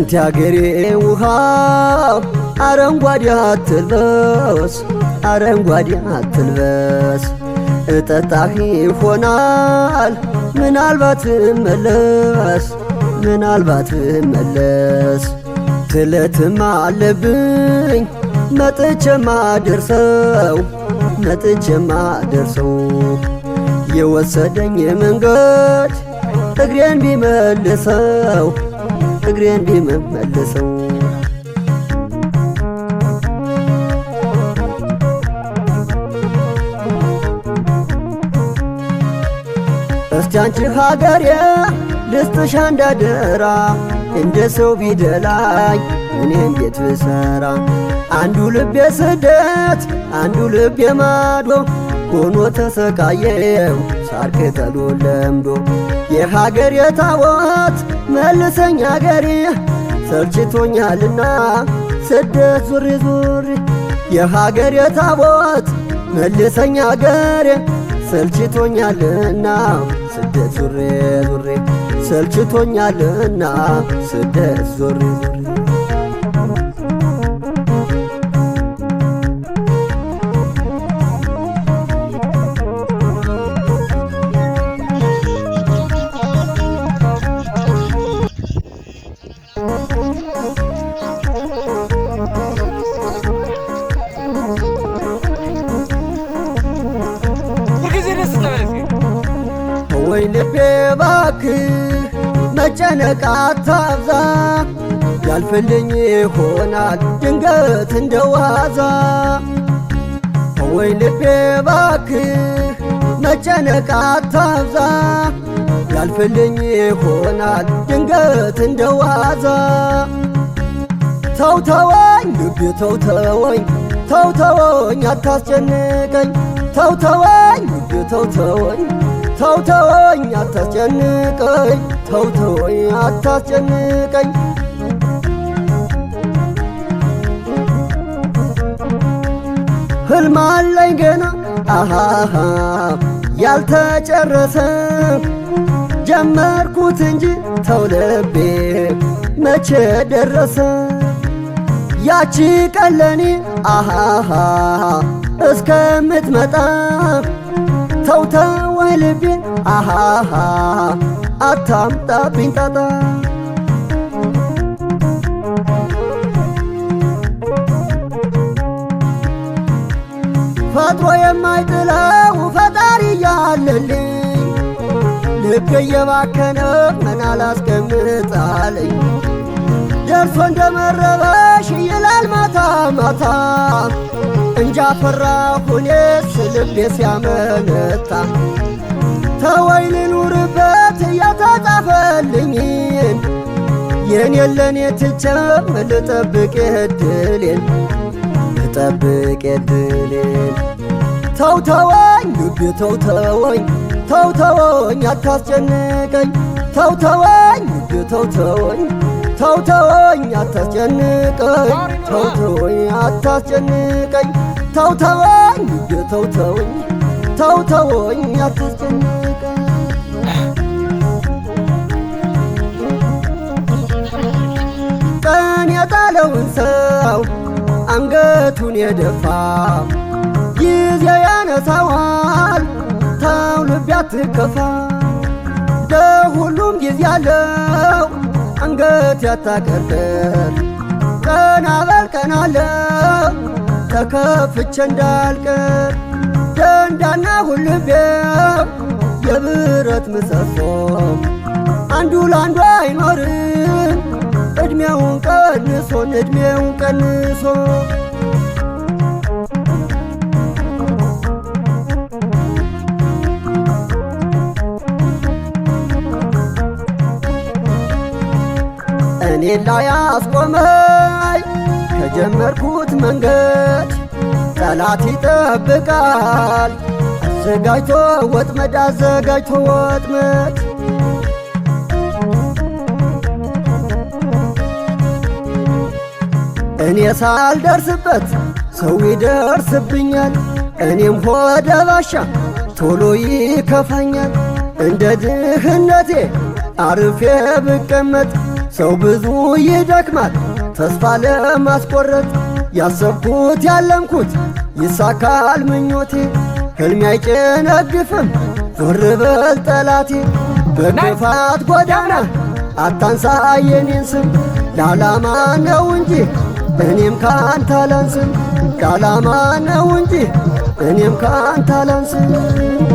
ያንተ አገሬ ውሃ አረንጓዴ አትልበስ፣ አረንጓዴ አትልበስ። እጠጣህ ይሆናል ምናልባት መለስ፣ ምናልባት መለስ። ትለትም አለብኝ መጥቼማ ደርሰው፣ መጥቼማ ደርሰው የወሰደኝ መንገድ እግሬን ቢመልሰው እግሬ እንዲመመለሰው እስቲ አንቺ ሀገሬ ደስተሻ እንዳደራ እንደ ሰው ቢደላኝ እኔም እንዴት ብሰራ አንዱ ልቤ ስደት አንዱ ልቤ ማዶ ሆኖ ተሰቃየው ሳር ቅጠሉ ለምዶ የሀገር የታወት መልሰኝ አገሬ ሰልችቶኛልና ስደት ዙሪ ዙሪ የሀገር የታወት መልሰኝ አገሬ ሰልችቶኛልና ስደት ዙሪ ዙሪ ሰልችቶኛልና ስደት ዙሪ ዙሪ ወይ ልቤ ባክህ መጨነቅ አታብዛ ያልፍልኝ ይሆናል ድንገት እንደዋዛ ወይ ልቤ ባክህ መጨነቅ አታብዛ ያልፍልኝ ይሆናል ድንገት እንደዋዛ ተውተወኝ ልቤ ተውተወኝ ተውተወኝ አታስጨንቀኝ ተውተወኝ ልቤ ተውተወኝ ተውተወኝ አታስጨንቀኝ ተውተወኝ አታስጨንቀኝ ህልም አለኝ ገና አሃሃ ያልተጨረሰ ጀመርኩት እንጂ ተው ልቤ መቼ ደረሰ ያቺ ቀን ለኔ አሃሃ እስከምትመጣ ተውተው ልቤ አሃ አታምጣብኝ ጣጣ ፈጥሮ የማይጥለው ፈጣሪ ያለልኝ ልቤ የባከነ ምን አላስቀምጣለኝ ደርሶ እንደመረበሽ ይላል ማታ ማታ እንጃ ፈራ ሁኔ ስልቤ ሲያመነታ ተወይ ልኑርበት እያተጻፈልኝን የኔን ለኔ ትቼው ልጠብቅ የድሌን ልጠብቅ የድሌን ተው ተወኝ ልቤ ተው ተወኝ ተው ተወኝ አታስጨንቀኝ ተው ተወኝ ልቤ ተው ተወኝ ተው ተወኝ አታስጨንቀኝ ተው ተወኝ አታስጨንቀኝ ተው ተወኝ ልቤ ተው ተወኝ ተው ተወኝ አታስጨንቀኝ ያለውን ሰው አንገቱን የደፋ ጊዜ ያነሳዋል። ተው ልቤ አትከፋ፣ ለሁሉም ጊዜ አለው። አንገት ያታቀርቅር ቀና በል ቀና አለው ተከፍቼ እንዳልቀር ደንዳና ሁልቤ የብረት ምሰሶ አንዱ ለአንዱ ቢሆን እድሜውን ቀንሶ እኔ ላይ አስቆመኝ ከጀመርኩት መንገድ ጠላት ይጠብቃል አዘጋጅቶ ወጥመድ አዘጋጅቶ ወጥመድ እኔ ሳልደርስበት ሰው ይደርስብኛል። እኔም ሆደ ባሻ ቶሎ ይከፋኛል። እንደ ድህነቴ አርፌ ብቀመጥ ሰው ብዙ ይደክማል ተስፋ ለማስቆረጥ ያሰብኩት ያለምኩት ይሳካል ምኞቴ ሕልሜ አይጨነግፍም ዞር በል ጠላቴ በክፋት ጎዳና አታንሳ የኔን ስም ለዓላማ ነው እንጂ እኔም ከአንተ አላንስም ዳላማ ነው እንጂ እኔም ከአንተ አላንስም